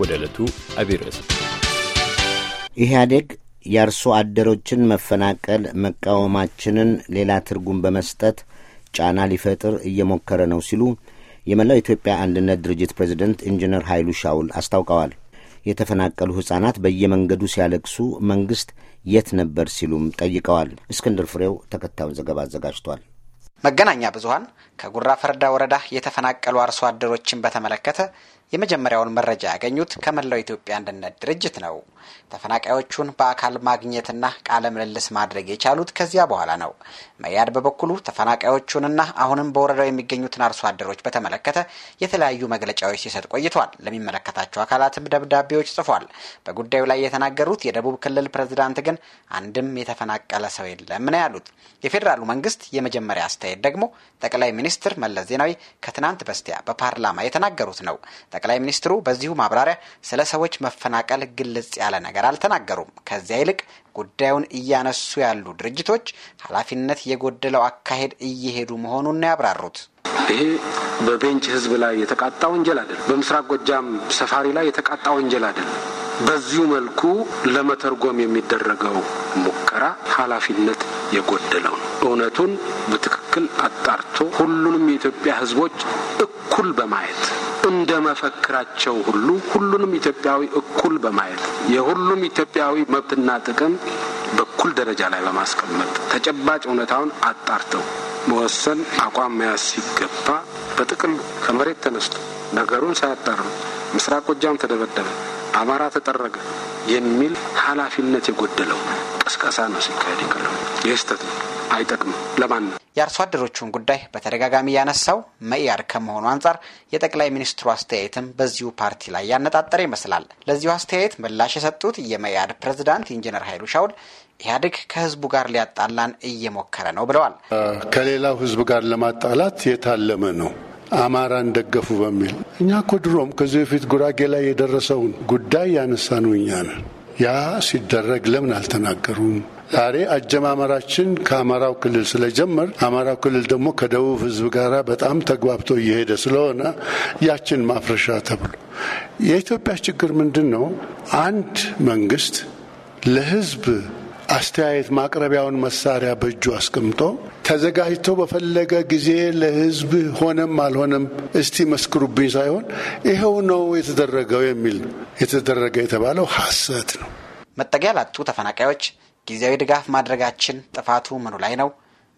ወደ ዕለቱ አብይ ርዕስ ኢህአዴግ የአርሶ አደሮችን መፈናቀል መቃወማችንን ሌላ ትርጉም በመስጠት ጫና ሊፈጥር እየሞከረ ነው ሲሉ የመላው ኢትዮጵያ አንድነት ድርጅት ፕሬዚደንት ኢንጂነር ኃይሉ ሻውል አስታውቀዋል። የተፈናቀሉ ሕፃናት በየመንገዱ ሲያለቅሱ መንግሥት የት ነበር ሲሉም ጠይቀዋል። እስክንድር ፍሬው ተከታዩን ዘገባ አዘጋጅቷል። መገናኛ ብዙኃን ከጉራ ፈርዳ ወረዳ የተፈናቀሉ አርሶ አደሮችን በተመለከተ የመጀመሪያውን መረጃ ያገኙት ከመላው ኢትዮጵያ አንድነት ድርጅት ነው። ተፈናቃዮቹን በአካል ማግኘትና ቃለ ምልልስ ማድረግ የቻሉት ከዚያ በኋላ ነው። መያድ በበኩሉ ተፈናቃዮቹንና አሁንም በወረዳው የሚገኙትን አርሶ አደሮች በተመለከተ የተለያዩ መግለጫዎች ሲሰጥ ቆይቷል። ለሚመለከታቸው አካላትም ደብዳቤዎች ጽፏል። በጉዳዩ ላይ የተናገሩት የደቡብ ክልል ፕሬዝዳንት ግን አንድም የተፈናቀለ ሰው የለም ነው ያሉት። የፌዴራሉ መንግስት የመጀመሪያ አስተያየት ደግሞ ጠቅላይ ሚኒስትር መለስ ዜናዊ ከትናንት በስቲያ በፓርላማ የተናገሩት ነው። ጠቅላይ ሚኒስትሩ በዚሁ ማብራሪያ ስለ ሰዎች መፈናቀል ግልጽ ያለ ነገር አልተናገሩም። ከዚያ ይልቅ ጉዳዩን እያነሱ ያሉ ድርጅቶች ኃላፊነት የጎደለው አካሄድ እየሄዱ መሆኑን ነው ያብራሩት። ይሄ በቤንች ህዝብ ላይ የተቃጣ ወንጀል አይደለም። በምስራቅ ጎጃም ሰፋሪ ላይ የተቃጣ ወንጀል አይደለም። በዚሁ መልኩ ለመተርጎም የሚደረገው ሙከራ ኃላፊነት የጎደለው ነው። እውነቱን በትክክል አጣርቶ ሁሉንም የኢትዮጵያ ህዝቦች እኩል በማየት እንደ መፈክራቸው ሁሉ ሁሉንም ኢትዮጵያዊ እኩል በማየት የሁሉም ኢትዮጵያዊ መብትና ጥቅም በኩል ደረጃ ላይ በማስቀመጥ ተጨባጭ እውነታውን አጣርተው መወሰን አቋም መያዝ ሲገባ በጥቅል ከመሬት ተነስቶ ነገሩን ሳያጣሩ ምስራቅ ጎጃም ተደበደበ፣ አማራ ተጠረገ የሚል ኃላፊነት የጎደለው ቅስቀሳ ነው ሲካሄድ ይቀለ ይህ ስህተት ነው። አይጠቅምም ነው የአርሶ አደሮቹን ጉዳይ በተደጋጋሚ ያነሳው መኢአድ ከመሆኑ አንጻር የጠቅላይ ሚኒስትሩ አስተያየትም በዚሁ ፓርቲ ላይ ያነጣጠረ ይመስላል። ለዚሁ አስተያየት ምላሽ የሰጡት የመኢአድ ፕሬዝዳንት ኢንጂነር ሀይሉ ሻውል ኢህአዴግ ከህዝቡ ጋር ሊያጣላን እየሞከረ ነው ብለዋል። ከሌላው ህዝብ ጋር ለማጣላት የታለመ ነው አማራን ደገፉ በሚል እኛ እኮ ድሮም ከዚህ በፊት ጉራጌ ላይ የደረሰውን ጉዳይ ነው እኛ ነን። ያ ሲደረግ ለምን አልተናገሩም? ዛሬ አጀማመራችን ከአማራው ክልል ስለጀመር አማራው ክልል ደግሞ ከደቡብ ህዝብ ጋር በጣም ተግባብቶ እየሄደ ስለሆነ ያችን ማፍረሻ ተብሎ የኢትዮጵያ ችግር ምንድን ነው? አንድ መንግስት ለህዝብ አስተያየት ማቅረቢያውን መሳሪያ በእጁ አስቀምጦ ተዘጋጅቶ በፈለገ ጊዜ ለህዝብ ሆነም አልሆነም እስቲ መስክሩብኝ ሳይሆን ይኸው ነው የተደረገው የሚል ነው። የተደረገ የተባለው ሐሰት ነው። መጠጊያ ላጡ ተፈናቃዮች ጊዜያዊ ድጋፍ ማድረጋችን ጥፋቱ ምኑ ላይ ነው?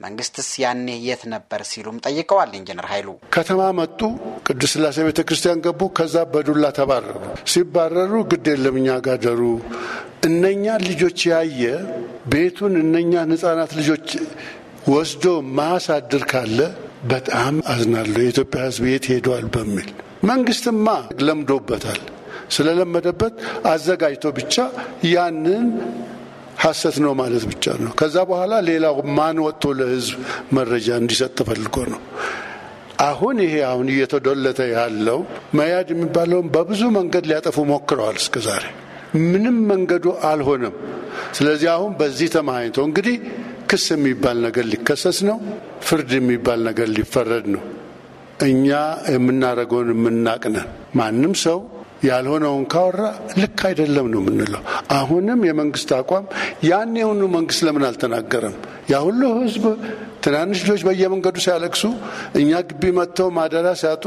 መንግስትስ ያኔ የት ነበር ሲሉም ጠይቀዋል። ኢንጂነር ኃይሉ ከተማ መጡ፣ ቅዱስ ስላሴ ቤተ ክርስቲያን ገቡ፣ ከዛ በዱላ ተባረሩ። ሲባረሩ ግድ የለም እኛ ጋር ደሩ። እነኛ ልጆች ያየ ቤቱን እነኛ ህጻናት ልጆች ወስዶ ማሳድር ካለ በጣም አዝናለሁ። የኢትዮጵያ ህዝብ የት ሄደዋል በሚል መንግስትማ ለምዶበታል። ስለለመደበት አዘጋጅቶ ብቻ ያንን ሀሰት ነው ማለት ብቻ ነው። ከዛ በኋላ ሌላው ማን ወጥቶ ለህዝብ መረጃ እንዲሰጥ ተፈልጎ ነው። አሁን ይሄ አሁን እየተዶለተ ያለው መያድ የሚባለውን በብዙ መንገድ ሊያጠፉ ሞክረዋል እስከዛሬ ምንም መንገዱ አልሆነም። ስለዚህ አሁን በዚህ ተማኝቶ እንግዲህ ክስ የሚባል ነገር ሊከሰስ ነው፣ ፍርድ የሚባል ነገር ሊፈረድ ነው። እኛ የምናደርገውን የምናቅነን ማንም ሰው ያልሆነውን ካወራ ልክ አይደለም ነው የምንለው። አሁንም የመንግስት አቋም ያን የሆኑ መንግስት ለምን አልተናገረም? ያ ሁሉ ህዝብ ትናንሽ ልጆች በየመንገዱ ሲያለቅሱ፣ እኛ ግቢ መጥተው ማደሪያ ሲያጡ፣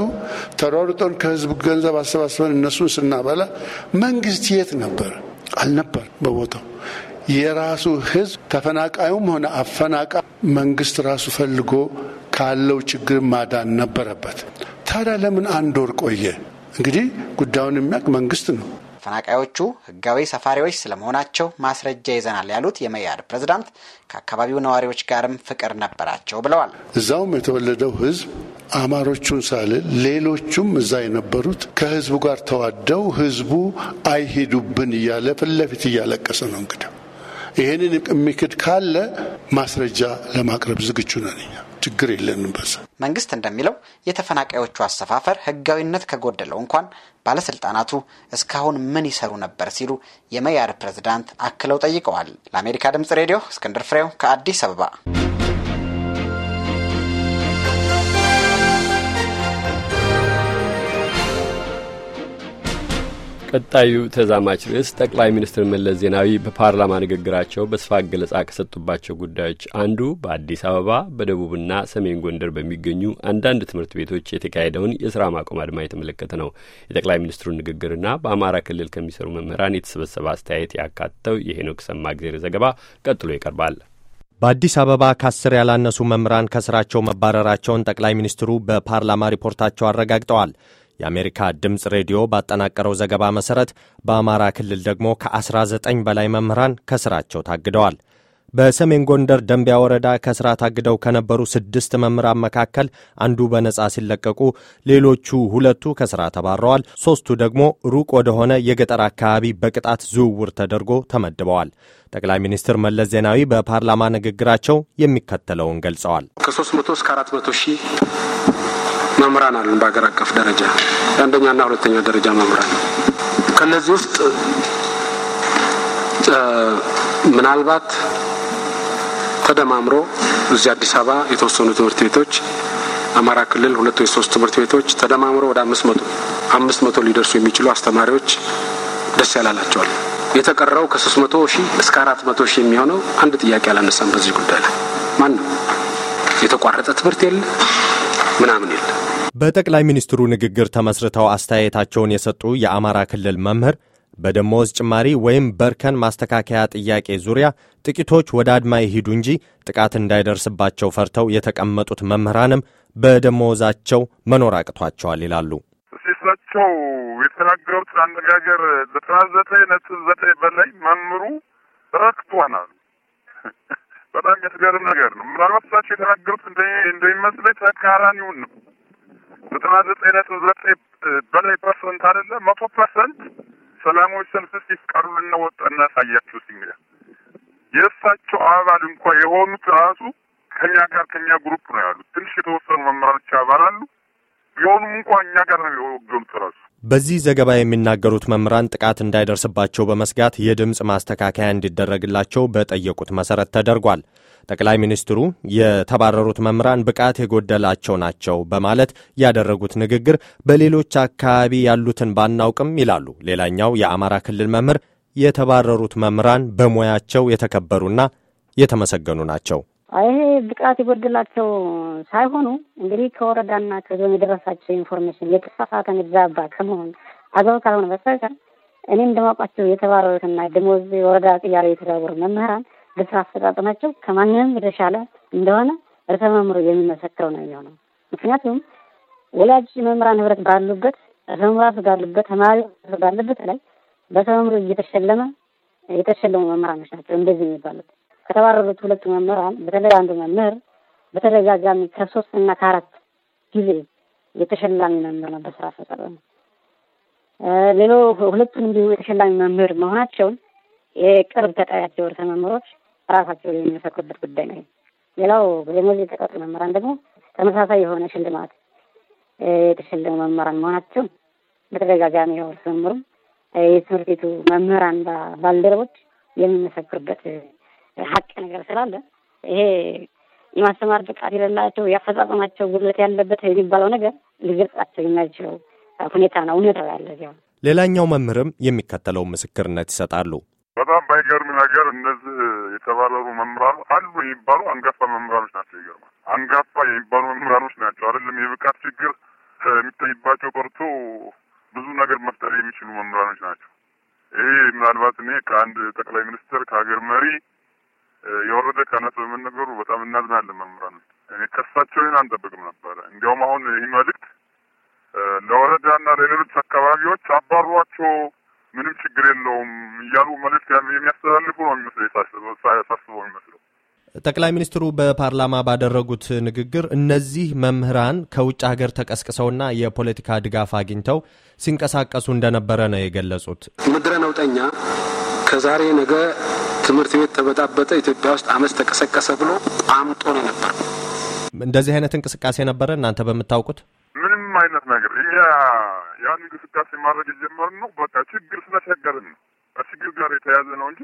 ተሯሩጠን ከህዝብ ገንዘብ አሰባስበን እነሱን ስናበላ መንግስት የት ነበር? አልነበር በቦታው የራሱ ህዝብ ተፈናቃዩም ሆነ አፈናቃ መንግስት ራሱ ፈልጎ ካለው ችግር ማዳን ነበረበት። ታዲያ ለምን አንድ ወር ቆየ? እንግዲህ ጉዳዩን የሚያውቅ መንግስት ነው። ተፈናቃዮቹ ህጋዊ ሰፋሪዎች ስለመሆናቸው ማስረጃ ይዘናል ያሉት የመያድ ፕሬዝዳንት ከአካባቢው ነዋሪዎች ጋርም ፍቅር ነበራቸው ብለዋል። እዛውም የተወለደው ህዝብ አማሮቹን ሳለ ሌሎቹም እዛ የነበሩት ከህዝቡ ጋር ተዋደው ህዝቡ አይሄዱብን እያለ ፊት ለፊት እያለቀሰ ነው። እንግዲህ ይህንን የሚክድ ካለ ማስረጃ ለማቅረብ ዝግጁ ነን እኛ። ችግር የለንበት። መንግስት እንደሚለው የተፈናቃዮቹ አሰፋፈር ህጋዊነት ከጎደለው እንኳን ባለስልጣናቱ እስካሁን ምን ይሰሩ ነበር ሲሉ የመያድ ፕሬዝዳንት አክለው ጠይቀዋል። ለአሜሪካ ድምጽ ሬዲዮ እስክንድር ፍሬው ከአዲስ አበባ ቀጣዩ ተዛማች ርዕስ ጠቅላይ ሚኒስትር መለስ ዜናዊ በፓርላማ ንግግራቸው በስፋት ገለጻ ከሰጡባቸው ጉዳዮች አንዱ በአዲስ አበባ በደቡብና ሰሜን ጎንደር በሚገኙ አንዳንድ ትምህርት ቤቶች የተካሄደውን የስራ ማቆም አድማ የተመለከተ ነው። የጠቅላይ ሚኒስትሩን ንግግርና በአማራ ክልል ከሚሰሩ መምህራን የተሰበሰበ አስተያየት ያካተተው የሄኖክ ጊዜር ዘገባ ቀጥሎ ይቀርባል። በአዲስ አበባ ከአስር ያላነሱ መምህራን ከስራቸው መባረራቸውን ጠቅላይ ሚኒስትሩ በፓርላማ ሪፖርታቸው አረጋግጠዋል። የአሜሪካ ድምፅ ሬዲዮ ባጠናቀረው ዘገባ መሠረት በአማራ ክልል ደግሞ ከ19 በላይ መምህራን ከሥራቸው ታግደዋል። በሰሜን ጎንደር ደንቢያ ወረዳ ከሥራ ታግደው ከነበሩ ስድስት መምህራን መካከል አንዱ በነጻ ሲለቀቁ፣ ሌሎቹ ሁለቱ ከሥራ ተባረዋል። ሦስቱ ደግሞ ሩቅ ወደሆነ የገጠር አካባቢ በቅጣት ዝውውር ተደርጎ ተመድበዋል። ጠቅላይ ሚኒስትር መለስ ዜናዊ በፓርላማ ንግግራቸው የሚከተለውን ገልጸዋል። ከ300 እስከ 400 ሺህ መምህራን አሉን በሀገር አቀፍ ደረጃ የአንደኛና ሁለተኛ ደረጃ መምህራን። ከነዚህ ውስጥ ምናልባት ተደማምሮ እዚህ አዲስ አበባ የተወሰኑ ትምህርት ቤቶች አማራ ክልል ሁለት ወይ ሶስት ትምህርት ቤቶች ተደማምሮ ወደ አምስት መቶ አምስት መቶ ሊደርሱ የሚችሉ አስተማሪዎች ደስ ያላላቸዋል። የተቀረው ከሶስት መቶ ሺህ እስከ አራት መቶ ሺህ የሚሆነው አንድ ጥያቄ አላነሳም። በዚህ ጉዳይ ላይ ማን ነው የተቋረጠ ትምህርት የለ ምናምን የለ በጠቅላይ ሚኒስትሩ ንግግር ተመስርተው አስተያየታቸውን የሰጡ የአማራ ክልል መምህር በደሞዝ ጭማሪ ወይም በርከን ማስተካከያ ጥያቄ ዙሪያ ጥቂቶች ወደ አድማ ይሂዱ እንጂ ጥቃት እንዳይደርስባቸው ፈርተው የተቀመጡት መምህራንም በደሞዛቸው መኖር አቅቷቸዋል ይላሉ። ሲሰቸው የተናገሩት አነጋገር ዘጠና ዘጠኝ ነጥብ ዘጠኝ በላይ መምህሩ ረክቷናል። በጣም የተገርም ነገር ነው። ምናልባት እሳቸው የተናገሩት እንደሚመስለኝ ተቃራኒውን ነው። ዘጠና ዘጠኝ ነጥብ ዘጠኝ በላይ ፐርሰንት አደለ መቶ ፐርሰንት ሰላማዊ ሰልፍ ሲቀሩ ልናወጣና እናሳያችሁ ሲሚል የእሳቸው አባል እንኳ የሆኑት ራሱ ከኛ ጋር ከኛ ግሩፕ ነው ያሉት። ትንሽ የተወሰኑ መምህራኖች አባል አሉ ቢሆኑም እንኳ እኛ ጋር ነው የወገኑት ራሱ በዚህ ዘገባ የሚናገሩት መምህራን ጥቃት እንዳይደርስባቸው በመስጋት የድምፅ ማስተካከያ እንዲደረግላቸው በጠየቁት መሰረት ተደርጓል። ጠቅላይ ሚኒስትሩ የተባረሩት መምህራን ብቃት የጎደላቸው ናቸው በማለት ያደረጉት ንግግር በሌሎች አካባቢ ያሉትን ባናውቅም ይላሉ ሌላኛው የአማራ ክልል መምህር የተባረሩት መምህራን በሙያቸው የተከበሩና የተመሰገኑ ናቸው። ይሄ ብቃት የጎደላቸው ሳይሆኑ እንግዲህ ከወረዳና ከዞን የደረሳቸው ኢንፎርሜሽን የተሳሳተ የተዛባ ከመሆን አገባብ ካልሆነ በስተቀር እኔ እንደማውቃቸው የተባረሩትና ደሞዝ የወረዳ ጥያሉ የተዳወሩ መምህራን በስራ አፈጣጠናቸው ከማንም የተሻለ እንደሆነ ርዕሰ መምህሩ የሚመሰክረው ነው የሚሆነው። ምክንያቱም ወላጅ መምህራን ህብረት ባሉበት መምህራን ባሉበት ተማሪ ባለበት ላይ በተመምሮ እየተሸለመ የተሸለሙ መምህራኖች ናቸው እንደዚህ የሚባሉት። ከተባረሩት ሁለቱ መምህራን በተለይ አንዱ መምህር በተደጋጋሚ ከሶስት እና ከአራት ጊዜ የተሸላሚ መምህር ነው በስራ ፈጠረ ነው። ሌሎ ሁለቱን እንዲሁ የተሸላሚ መምህር መሆናቸውን የቅርብ ተጠሪያቸው ርዕሰ መምህሮች ራሳቸው የሚመሰክሩበት ጉዳይ ነው። ሌላው የሙዚቃ ተቀጥ መምህራን ደግሞ ተመሳሳይ የሆነ ሽልማት የተሸለሙ መምህራን መሆናቸው በተደጋጋሚ ያው መምህሩም የትምህርት ቤቱ መምህራን ባልደረቦች የሚመሰክሩበት ሀቅ ነገር ስላለ ይሄ የማስተማር ብቃት የሌላቸው የአፈጻጸማቸው ጉድለት ያለበት የሚባለው ነገር ሊገልጻቸው የማይችለው ሁኔታ ነው እውነታው ያለ እዚያው። ሌላኛው መምህርም የሚከተለው ምስክርነት ይሰጣሉ። በጣም ባይገርም ነገር እነዚህ የተባረሩ መምህራኑ አሉ የሚባሉ አንጋፋ መምህራኖች ናቸው። ይገርማል። አንጋፋ የሚባሉ መምህራኖች ናቸው። አይደለም የብቃት ችግር የሚታይባቸው ቀርቶ ብዙ ነገር መፍጠር የሚችሉ መምህራኖች ናቸው። ይሄ ምናልባት እኔ ከአንድ ጠቅላይ ሚኒስትር ከሀገር መሪ የወረደ ካህናት በመነገሩ በጣም እናዝናለን። መምህራን እኔ ከሳቸው ከሳቸውን አንጠብቅም ነበረ። እንዲያውም አሁን ይህ መልእክት ለወረዳና ለሌሎች አካባቢዎች አባሯቸው ምንም ችግር የለውም እያሉ መልእክት የሚያስተላልፉ ነው የሚመስለው ሳስበው የሚመስለው ጠቅላይ ሚኒስትሩ በፓርላማ ባደረጉት ንግግር እነዚህ መምህራን ከውጭ ሀገር ተቀስቅሰውና የፖለቲካ ድጋፍ አግኝተው ሲንቀሳቀሱ እንደነበረ ነው የገለጹት። ምድረ ነውጠኛ ከዛሬ ነገ ትምህርት ቤት ተበጣበጠ፣ ኢትዮጵያ ውስጥ አመፅ ተቀሰቀሰ ብሎ አምጦ ነው ነበር። እንደዚህ አይነት እንቅስቃሴ ነበረ እናንተ በምታውቁት? ምንም አይነት ነገር ያን እንቅስቃሴ ማድረግ የጀመርነው በቃ ችግር ስለቸገርን ነው። ከችግር ጋር የተያያዘ ነው እንጂ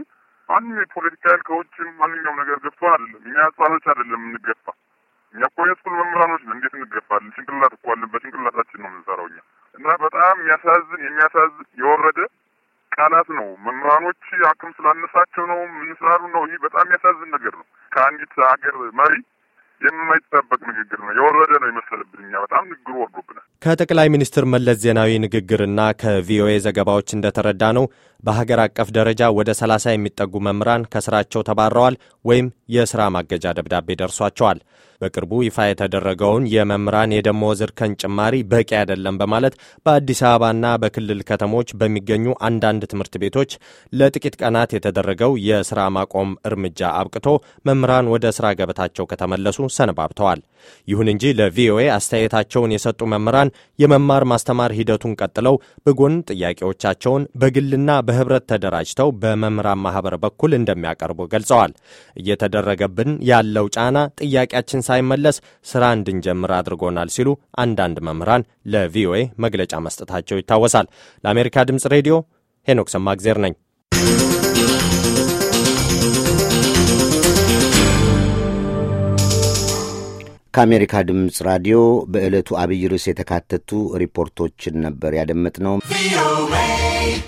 ማንም የፖለቲካ ያህል ከውጭም ማንኛውም ነገር ገብቶ አይደለም። እኛ ህጻኖች አይደለም እንገፋ። እኛ እኮ የስኩል መምህራኖች ነው። እንዴት እንገፋለን? ጭንቅላት እኮ አለን። በጭንቅላታችን ነው የምንሰራው እኛ እና በጣም የሚያሳዝን የሚያሳዝን የወረደ ቃላት ነው። መምህራኖች አቅም ስላነሳ ሀገር መሪ የማይጠበቅ ንግግር ነው። የወረደ ነው የመሰለብን እኛ በጣም ንግግሩ ወርዶብናል። ከጠቅላይ ሚኒስትር መለስ ዜናዊ ንግግርና ከቪኦኤ ዘገባዎች እንደተረዳ ነው በሀገር አቀፍ ደረጃ ወደ 30 የሚጠጉ መምህራን ከስራቸው ተባረዋል ወይም የሥራ ማገጃ ደብዳቤ ደርሷቸዋል። በቅርቡ ይፋ የተደረገውን የመምህራን የደሞዝ እርከን ጭማሪ በቂ አይደለም በማለት በአዲስ አበባና በክልል ከተሞች በሚገኙ አንዳንድ ትምህርት ቤቶች ለጥቂት ቀናት የተደረገው የሥራ ማቆም እርምጃ አብቅቶ መምህራን ወደ ሥራ ገበታቸው ከተመለሱ ሰነባብተዋል። ይሁን እንጂ ለቪኦኤ አስተያየታቸውን የሰጡ መምህራን የመማር ማስተማር ሂደቱን ቀጥለው በጎን ጥያቄዎቻቸውን በግልና በህብረት ተደራጅተው በመምህራን ማህበር በኩል እንደሚያቀርቡ ገልጸዋል። እየተደረገብን ያለው ጫና ጥያቄያችን ሳይመለስ ስራ እንድንጀምር አድርጎናል ሲሉ አንዳንድ መምህራን ለቪኦኤ መግለጫ መስጠታቸው ይታወሳል። ለአሜሪካ ድምፅ ሬዲዮ ሄኖክ ሰማግዜር ነኝ። ከአሜሪካ ድምፅ ራዲዮ በዕለቱ አብይ ርዕስ የተካተቱ ሪፖርቶችን ነበር ያደመጥነው።